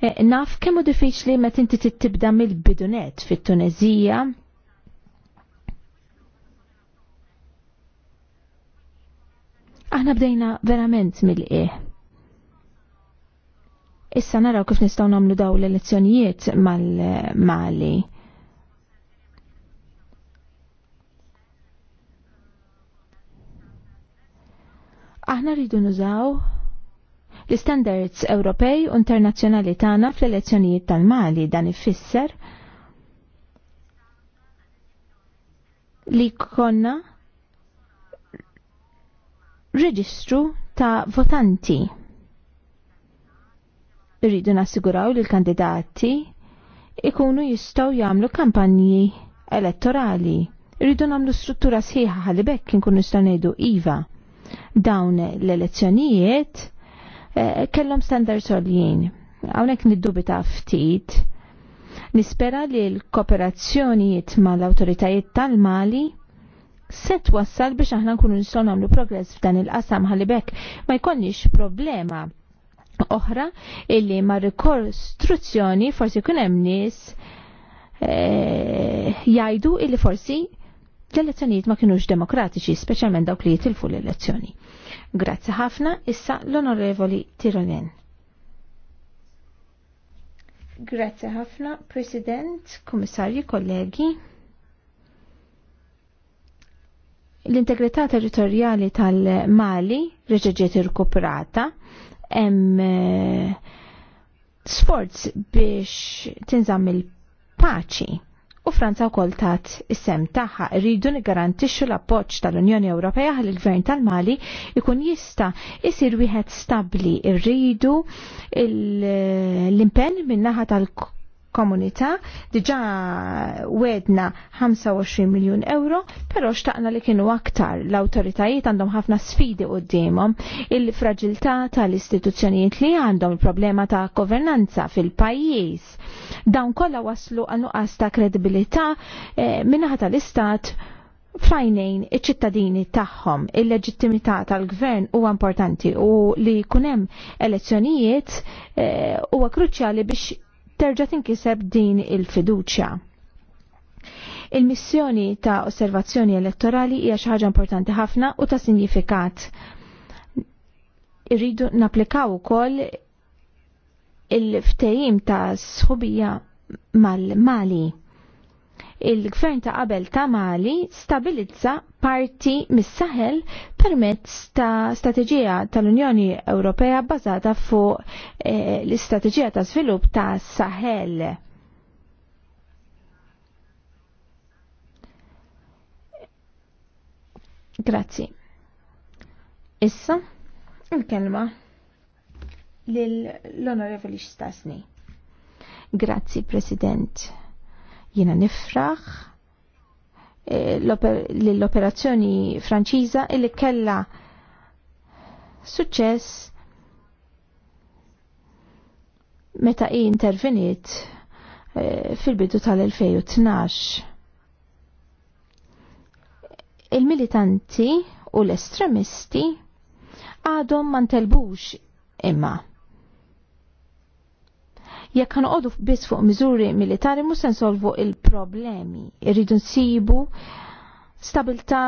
eh, naf kemm hu diffiċli meta inti tibda mill-bidunet fit-Tunizija Aħna bdejna verament mill-qieħ Issa naraw kif nistgħu nagħmlu daw l-elezzjonijiet mal-Mali. Aħna rridu nużaw l-standards Ewropej u internazzjonali tagħna fl-elezzjonijiet tal-Mali dan ifisser li konna reġistru ta' votanti. Irridu nassiguraw li l-kandidati ikunu jistaw jagħmlu kampanji elettorali. Irridu nagħmlu struttura sħiħa ħalli bekk inkunu nistgħu ngħidu iva. Dawn l-elezzjonijiet eh, kellhom standards għoljien. Hawnhekk niddubita ftit. Nispera li l-kooperazzjonijiet mal-awtoritajiet tal-Mali se wassal biex aħna nkunu nistgħu nagħmlu progress f'dan il-qasam ħalli bekk ma jkollniex problema oħra illi ma' rikostruzzjoni forsi kun hemm nies eh, jgħidu illi forsi l-elezzjonijiet ma kienux demokratiċi, speċjalment dawk li jitilfu l-elezzjoni. Grazzi ħafna, issa l-Onorevoli Tironen. Grazzi ħafna, President, Komissarji, kollegi. L-integrità territorjali tal-Mali reġġiet irkuprata hemm eh, sforz biex tinżamm il-paċi. U Franza wkoll tat is-sem tagħha rridu niggarantixxu l-appoġġ tal-Unjoni Ewropea ħalli l-Gvern tal-Mali ikun jista' isir wieħed stabbli rridu l-impenn min-naħa tal- komunità, diġa wedna 25 miljon euro, pero xtaqna li kienu aktar l-autoritajiet għandhom ħafna sfidi d-demom, il fragilta tal-istituzzjonijiet li għandhom il-problema ta' governanza fil-pajjiż. Dawn kollha waslu għannu ta' kredibilità eh, minnaħa tal-istat fajnejn iċ-ċittadini tagħhom il-leġittimità tal-gvern huwa importanti u li kunem elezzjonijiet eh, huwa e, kruċjali biex terġa' tinkiseb din il-fiduċja. Il-missjoni ta' osservazzjoni elettorali hija xi ħaġa importanti ħafna u ta' sinifikat. Irridu napplikaw ukoll il-ftehim ta' sħubija mal-Mali il-gvern ta' qabel ta' Mali stabilizza parti mis-Saħel permezz ta' strateġija tal-Unjoni Ewropea bbażata fuq eh, l-istrateġija ta' svilupp ta' Saħel. Grazzi. Issa, il-kelma l-Onorevoli Stasni. Grazzi, President. Jiena nifraħ eh, l-operazzjoni Franċiża illi kella suċċess meta i intervenit eh, fil-bidu tal-2012. Il-militanti u l-estremisti għadhom ma ntelbux imma Jekk ħanqodu biss fuq miżuri militari mhux se nsolvu il-problemi. Irridu nsibu stabilità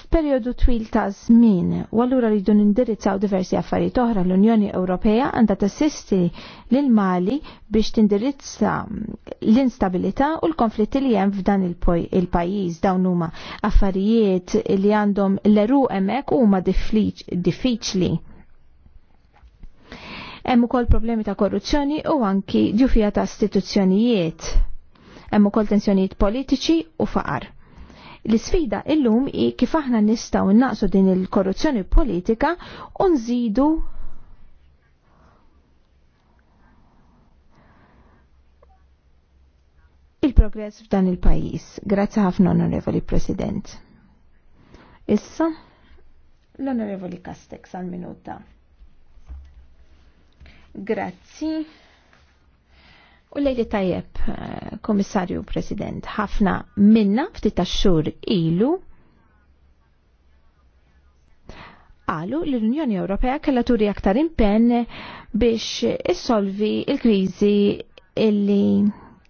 f'perjodu twil ta' żmien u allura rridu nindirizzaw diversi affarijiet oħra l-Unjoni Ewropea għandha tassisti lil Mali biex tindirizza l-instabilità u l-konflitti li hemm f'dan il-pajjiż dawn huma affarijiet li għandhom l-eru hemmhekk huma diffiċli. Hemm ukoll problemi ta' korruzzjoni u anki ġufija ta' istituzzjonijiet. Hemm ukoll tensjonijiet politiċi u faqar. L-isfida illum hi kif aħna nistgħu naqsu din il-korruzzjoni politika u nżidu il-progress f'dan il-pajis. Grazzi ħafna, Onorevoli President. Issa, l-Onorevoli Castex għal-minuta. Grazzi. U lejli tajjeb, eh, komissarju president, ħafna minna ftit xhur ilu qalu li l-Unjoni Ewropea kellha turi aktar impenn biex issolvi il-kriżi illi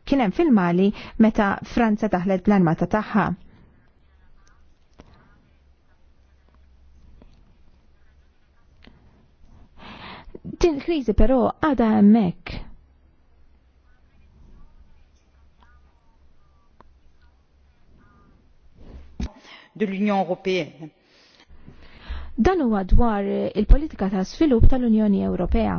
kien hemm fil-Mali meta Franza daħlet l-armata tagħha. Din il-kriżi però għadha hemmhekk. de l'Union Dan huwa dwar il-politika ta' svilupp tal-Unjoni Ewropea.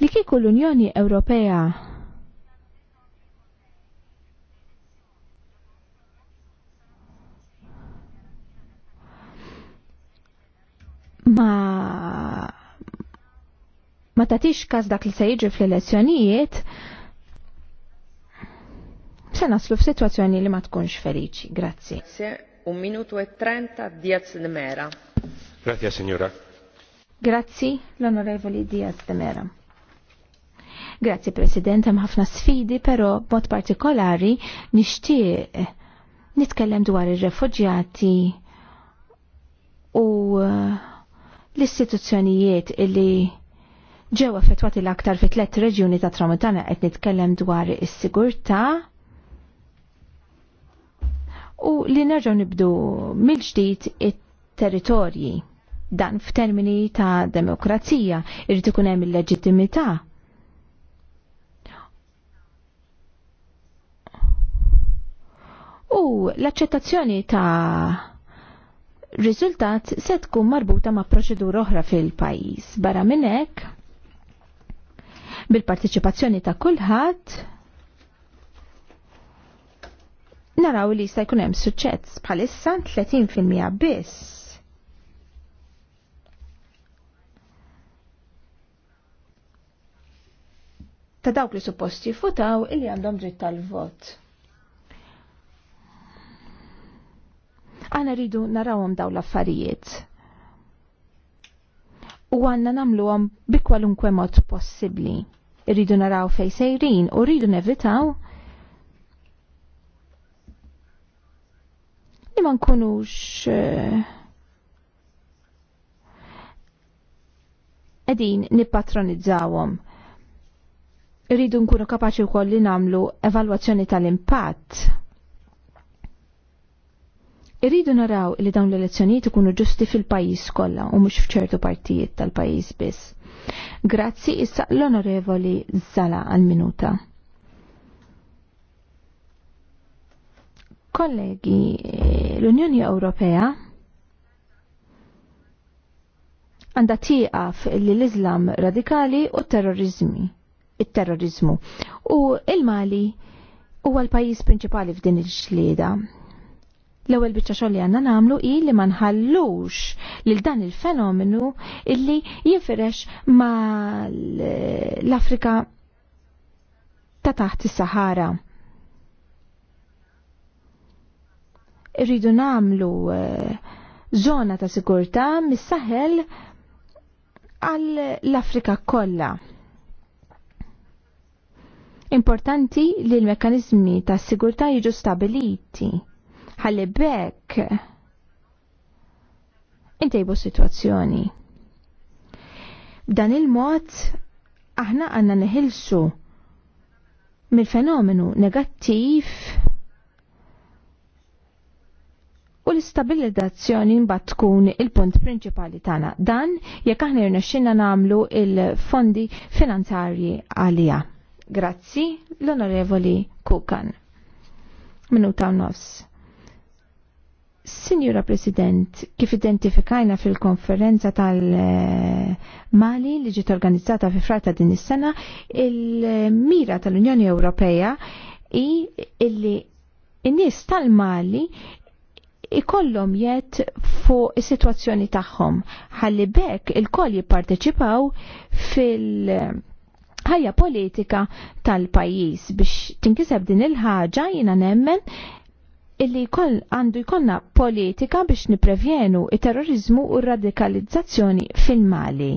Li kieku l-Unjoni Ewropea ma ma tatix kas dak li se jiġri fl-elezzjonijiet se naslu f'sitwazzjoni li ma tkunx feliċi. Grazzi. Un minuto e trenta Diaz de Mera. Grazie, signora. Grazzi, l-onorevoli Diaz de Mera. Grazzi, President, hemm ħafna sfidi, però bot partikolari nixtieq nitkellem dwar ir refugjati u L-istituzzjonijiet illi ġew affettwati l-aktar fi tliet reġjuni ta' Tramuntana qed nitkellem dwar is-sigurtà u li nerġgħu nibdu mill-ġdid it-territorji dan f'termini ta' demokrazija irid ikun hemm il-leġittimità u l aċċettazzjoni ta' riżultat se tkun marbuta ma' proċedura oħra fil-pajjiż. Barra minn hekk, bil-partiċipazzjoni ta' kulħadd, naraw li jista' jkun hemm suċċess bħalissa 30% biss. ta' dawk li supposti futaw illi għandhom dritt tal-vot. Għana rridu narawhom daw l-affarijiet. U għanna namluhom bi kwalunkwe mod possibbli. Rridu naraw fej sejrin u rridu nevitaw li ma nkunux eh, edin nipatronizzawom. rridu nkunu kapaċi wkoll li nagħmlu evalwazzjoni tal-impatt Irridu naraw li dawn l-elezzjonijiet ikunu ġusti fil-pajjiż kollha u mhux f'ċertu partijiet tal-pajjiż biss. Grazzi issa l-Onorevoli Zala għal-minuta. Kollegi, l-Unjoni Ewropea għandha tieqaf li l-Iżlam radikali u terrorizmi it-terrorizmu u il-Mali huwa l-pajjiż prinċipali f'din il-ġlieda l-ewwel biċċa xogħol li għandna nagħmlu hi li ma nħallux lil dan il-fenomenu illi jinfirex ma l-Afrika ta' taħt is-Sahara. Irridu nagħmlu żona eh, ta' sigurtà mis-Saħel għal l-Afrika kollha importanti li l-mekkanizmi ta' sigurtà jiġu stabiliti ħalli bekk intejbu situazzjoni. B'dan il-mod aħna għanna neħilsu mill-fenomenu negattiv u l-istabilizzazzjoni mbagħad tkun il-punt prinċipali tagħna. Dan jekk aħna rnexxinna nagħmlu il-fondi finanzarji għalija. Grazzi l-Onorevoli Kukan. Minuta u nofs. Signora President, kif identifikajna fil-konferenza tal-Mali li ġiet organizzata fi frata din is-sena, il-mira tal-Unjoni Ewropea i illi n-nies tal-Mali ikollhom jett fuq is-sitwazzjoni tagħhom. Ħalli bekk il-koll jipparteċipaw fil- ħajja politika tal-pajis biex tinkiseb din il-ħaġa jina nemmen illi koll għandu jkonna politika biex niprevjenu il-terrorizmu u radikalizzazzjoni fil-Mali.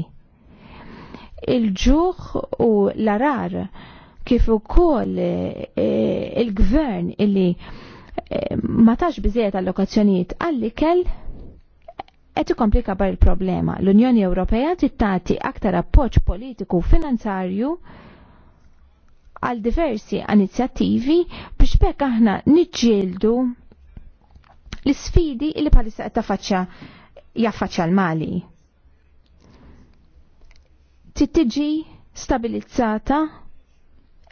Il-ġuħ u l-arar kif ukoll eh, il-gvern illi eh, ma tax biżejjed allokazzjonijiet għall-ikel qed ikomplika bar il-problema. L-Unjoni Ewropea tittati aktar appoġġ politiku finanzarju għal diversi inizjattivi biex bekk aħna niġġieldu l-sfidi li palissa qed faċċa jaffaċċa l-Mali. Tittiġi stabilizzata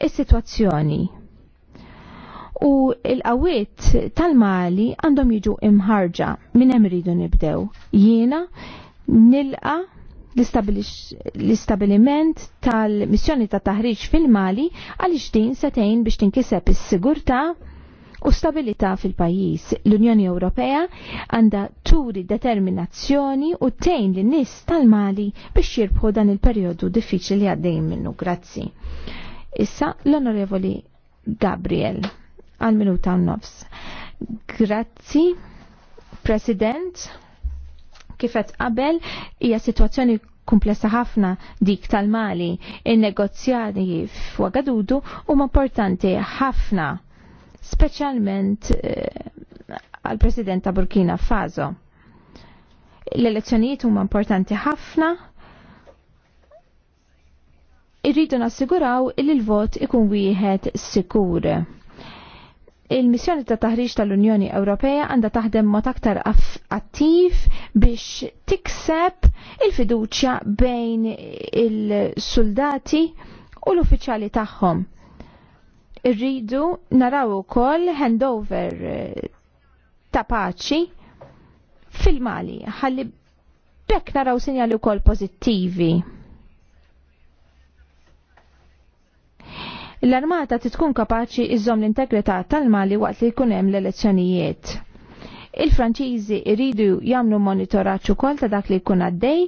is-sitwazzjoni. U l-qawiet tal-Mali għandhom jiġu imħarġa minn hemm iridu nibdew. Jiena nilqa' l-istabiliment tal-missjoni ta' taħriġ fil-Mali għaliex din setajn biex tinkiseb is-sigurtà u stabilità fil-pajjiż. L-Unjoni Ewropea għandha turi determinazzjoni u tejn lin nies tal-Mali biex jirbħu dan il periodu diffiċli li għaddejn minnu. Grazzi. Issa l-Onorevoli Gabriel għal minuta nofs. Grazzi, President kifet qabel hija situazzjoni komplessa ħafna dik tal-Mali. Il-negozjati f'Wagadudu huma importanti ħafna, speċjalment eh, għal-President ta' Burkina Faso. L-elezzjonijiet huma importanti ħafna irridu nassiguraw li l-vot ikun wieħed sikur il-missjoni ta' taħriġ tal-Unjoni Ewropea għandha taħdem mod aktar attiv biex tikseb il-fiduċja bejn il-soldati u l-uffiċjali tagħhom. Irridu naraw ukoll handover eh, ta' paċi fil-Mali ħalli bekk naraw sinjali ukoll pożittivi. L-armata titkun kapaċi iżom l-integrità tal-Mali waqt li jkun hemm l-elezzjonijiet. Il-Franċiżi iridu jagħmlu monitoraġġ ukoll ta' dak li jkun għaddej,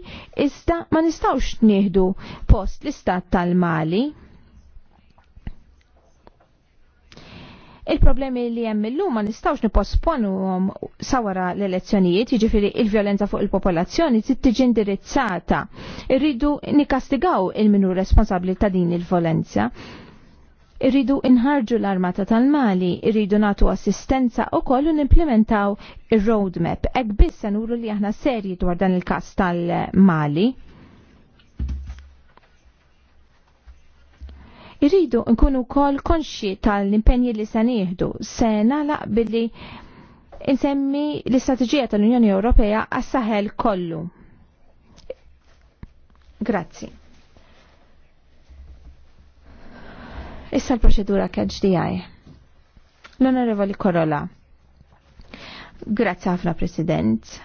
iżda ma nistgħux nieħdu post l-istat tal-Mali. Il-problemi li hemm illum ma nistgħux niposponuhom sawara l-elezzjonijiet, jiġifieri il-vjolenza fuq il-popolazzjoni trid tiġi indirizzata. Irridu nikkastigaw il-minu responsabbli ta' din il volenza irridu inħarġu l-armata tal-Mali, irridu natu assistenza u kollu nimplementaw il-roadmap. Ek bissa nuru li aħna serji dwar dan il-kas tal-Mali. Irridu nkunu kol konxi tal-impenji li se nieħdu, se billi insemmi l-istrateġija tal-Unjoni Ewropea għas-Saħel kollu. Grazzi. Issa l-proċedura di dijaj. L-Onorevoli Korola. Grazie ħafna, President.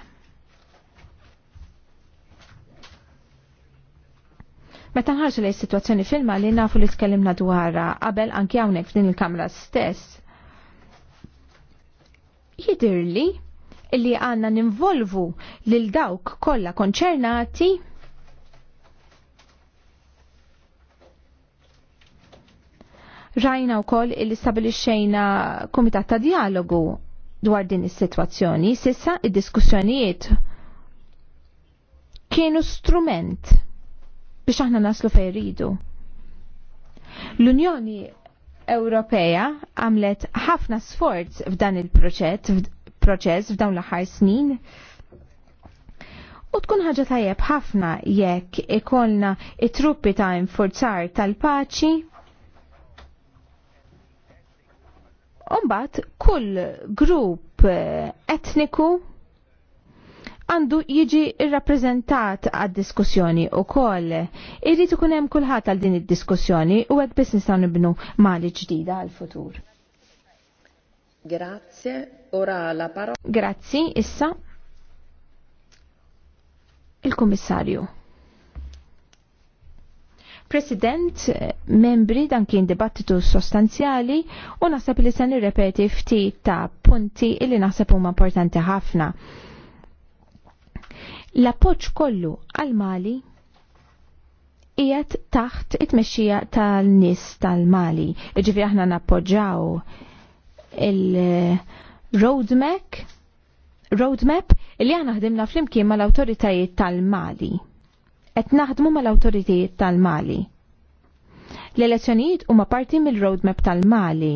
Meta nħarġu lej situazzjoni filma li nafu li tkellimna dwarha qabel anke hawnhekk f'din il-kamra stess. Jidirli li għanna ninvolvu lil dawk kollha konċernati Rajna wkoll il stabilixxejna komitat ta' dialogu dwar din is-sitwazzjoni, sissa id-diskussjonijiet kienu strument biex aħna naslu fejn ridu. L-Unjoni Ewropea għamlet ħafna sforz f'dan il-proċess f'dawn l-aħħar snin. U tkun ħaġa tajjeb ħafna jekk ikolna it-truppi ta' infurzar tal-paċi Umbat, kull grupp eh, etniku għandu jiġi rappresentat għad diskussjoni u koll. Irrit ikun hemm kulħadd għal din id-diskussjoni u għek biss nistgħu nibnu mali ġdida għal futur. Grazie, ora la parola. Grazzi, issa il-Kummissarju. President, eh, membri dan kien dibattitu sostanzjali u naħseb li se nirrepeti ftit ta' punti illi naħseb huma importanti ħafna. L-appoġġ kollu għal Mali qiegħed taħt it-mexxija tal-nies tal-Mali. Ġifieri aħna nappoġġaw il-roadmap roadmap li għana ħdimna fl-imkien mal-autoritajiet tal-Mali qed naħdmu mal-awtoritijiet tal-Mali. L-elezzjonijiet huma parti mill-roadmap tal-Mali.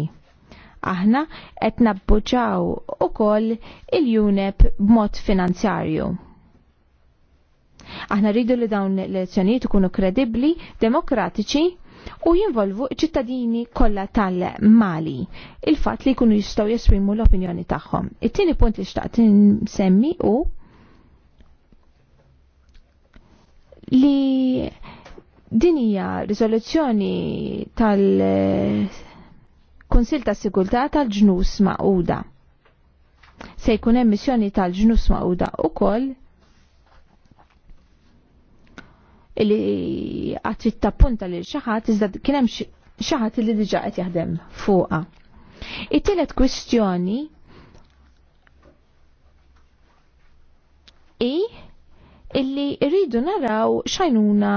Aħna qed nabbuġaw ukoll il-UNEP b'mod finanzjarju. Aħna rridu li dawn l-elezzjonijiet ikunu kredibbli, demokratiċi u jinvolvu ċittadini kollha tal-Mali il-fatt li jkunu jistgħu jesprimu l-opinjoni tagħhom. It-tieni punt li xtaqt semmi u li dinija rizoluzzjoni tal-Konsil eh, ta' Sigurtà tal-Ġnus ma'quda. Se jkun hemm missjoni tal-Ġnus ma'quda ukoll li għatrit tappunta xi ħadd iżda kien hemm xi ħadd li diġà qed jaħdem fuqha. It-tielet kwistjoni i illi rridu naraw xajnuna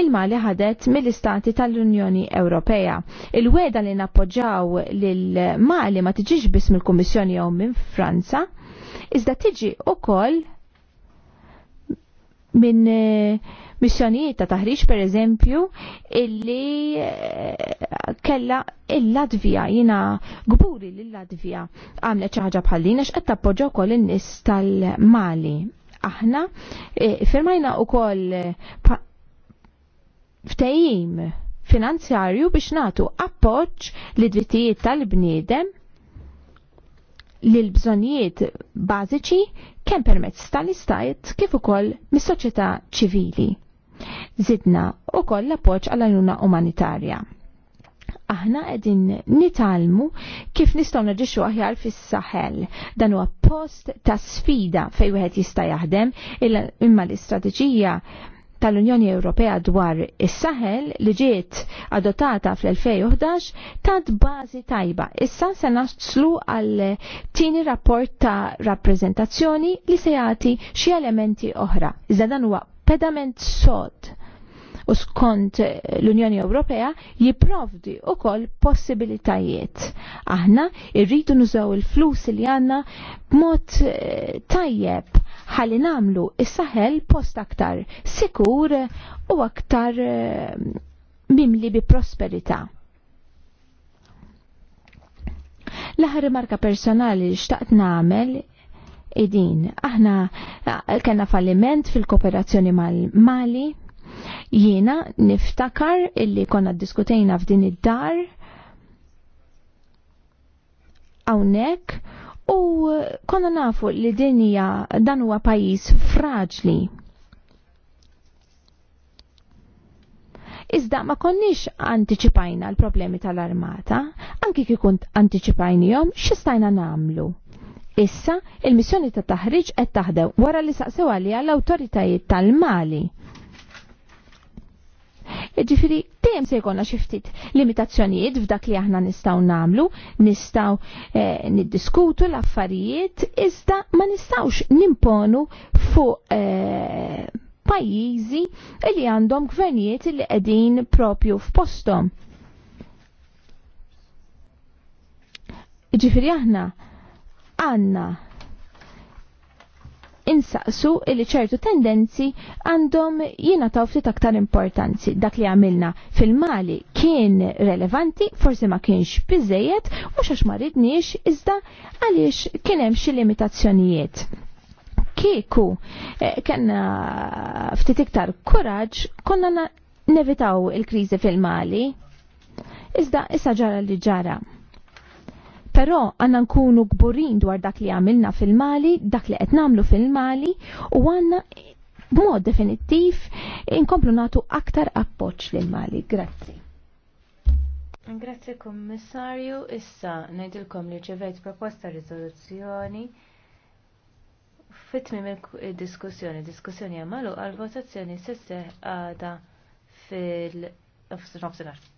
il-Mali ħadet mill-istati tal-Unjoni Ewropea. Il-weda li nappoġġaw lil-Mali ma tiġiġ biss mill-Kummissjoni jew minn Franza, iżda tiġi ukoll minn eh, missjonijiet ta' taħriġ per eżempju illi eh, kella il-Latvija jina gburi lill latvija għamlet xi ċaħġa bħallina x'qed tappoġġaw kol in-nies tal-Mali aħna e, firmajna u koll e, ftejim finanzjarju biex natu appoċ li drittijiet tal-bniedem l bżonijiet bażiċi kemm permezz tal-istajt kif ukoll mis-soċjetà ċivili. Zidna u koll l-appoġġ għall-għajnuna umanitarja aħna qegħdin nitalmu kif nistgħu naġixxu aħjar fis-saħel. Dan huwa post ta' sfida fejn wieħed jista' jaħdem imma l-istrateġija tal-Unjoni Ewropea dwar is-Saħel li ġiet adottata fl-2011 tat bażi tajba. Issa se naslu għal tieni rapport ta' rappreżentazzjoni li se jagħti xi elementi oħra. Iżda dan huwa pedament sod u skont l-Unjoni Ewropea jiprovdi u koll possibilitajiet. Aħna irridu nużaw il-flus li għanna b'mod eh, tajjeb ħalli namlu is-saħel post aktar sikur u aktar eh, mimli bi prosperita. L-aħħar rimarka personali li xtaqt namel idin. Aħna eh, kena falliment fil-kooperazzjoni mal-Mali, Jiena niftakar illi konna diskutejna f'din id-dar hawnhekk u konna nafu li hija dan huwa pajjiż fraġli. Iżda ma konniex antiċipajna l-problemi tal-armata, anki kikunt antiċipajnijom, xistajna namlu. Issa, il-missjoni ta' taħriġ qed taħdem wara li saqsew għalija l-awtoritajiet tal-Mali Ġifiri, dejjem se jkollna xi ftit limitazzjonijiet f'dak li aħna nistgħu nagħmlu, nistgħu eh, niddiskutu l-affarijiet, iżda ma nistgħux nimponu fuq pajizi eh, pajjiżi li għandhom gvernijiet li qegħdin propju f'posthom. Ġifiri aħna għandna insaqsu li ċertu tendenzi għandhom jiena taw ftit aktar importanzi. Dak li għamilna fil-Mali kien relevanti, forsi ma kienx biżejjed, mhux għax ma ridniex, iżda għaliex kien hemm xi limitazzjonijiet. Kieku eh, kellna ftit iktar kuraġġ konna nevitaw il-kriżi fil-Mali. Iżda issa ġara li ġara Però għanna nkunu gburin dwar dak li għamilna fil-Mali, dak li qed fil-Mali u għanna b'mod definittiv inkomplu natu aktar appoġġ lil-Mali. Grazzi. Grazzi Kommissarju, issa ngħidilkom li ċevejt proposta riżoluzzjoni fitmim il-diskussjoni, diskussjoni għamalu għal-votazzjoni s-seħ għada fil-nofsenar.